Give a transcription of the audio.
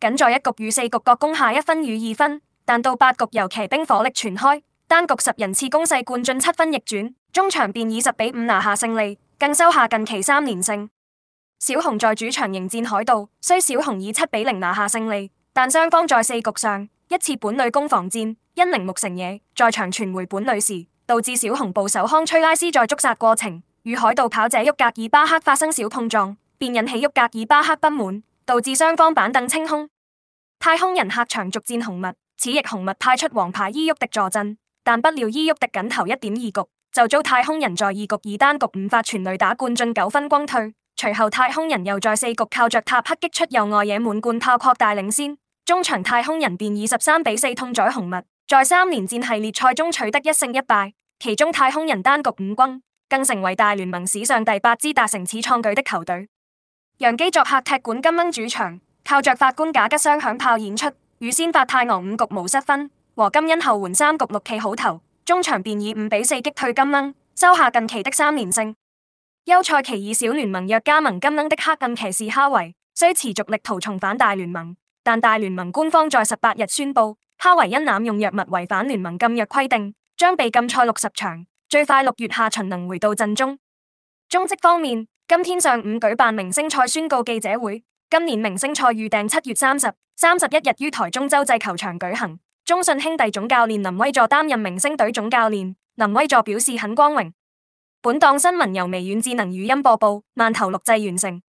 僅在一局與四局各攻下一分與二分，但到八局由奇兵火力全開，單局十人次攻勢灌進七分逆轉，終場便以十比五拿下勝利，更收下近期三連勝。小熊在主場迎戰海盜，雖小熊以七比零拿下勝利，但雙方在四局上一次本壘攻防戰，因鈴木誠也在長傳回本壘時，導致小熊捕手康崔拉斯在捉殺過程與海盜跑者沃格爾巴克發生小碰撞，便引起沃格爾巴克不滿，導致雙方板凳清空。太空人客場續戰紅襪，此役紅襪派出王牌伊沃迪助陣，但不料伊沃迪僅投一點二局，就遭太空人在二局以單局五發全壘打灌進九分轟退。隨後太空人又在四局靠着塔克擊出右外野滿貫炮擴大領先，終場太空人便以十三比四痛宰紅襪，在三連戰系列賽中取得一勝一敗，其中太空人單局五轟，更成為大聯盟史上第八支達成此創舉的球隊。洋基作客踢館金鶯主場。靠着法官賈吉雙響炮演出，與先發泰昂五局無失分，和金恩後援三局六記好投，終場便以五比四擊退金恩，收下近期的三連勝。休賽期以小聯盟約加盟金恩的黑暗騎士哈維，雖持續力圖重返大聯盟，但大聯盟官方在十八日宣布，哈維因濫用藥物違反聯盟禁藥規定，將被禁賽六十場，最快六月下旬能回到陣中。中職方面，今天上午舉辦明星賽，宣告記者會。今年明星賽預定七月三十、三十一日於台中洲際球場舉行。中信兄弟總教練林威助擔任明星隊總教練。林威助表示很光榮。本檔新聞由微軟智能語音播報，慢投錄製完成。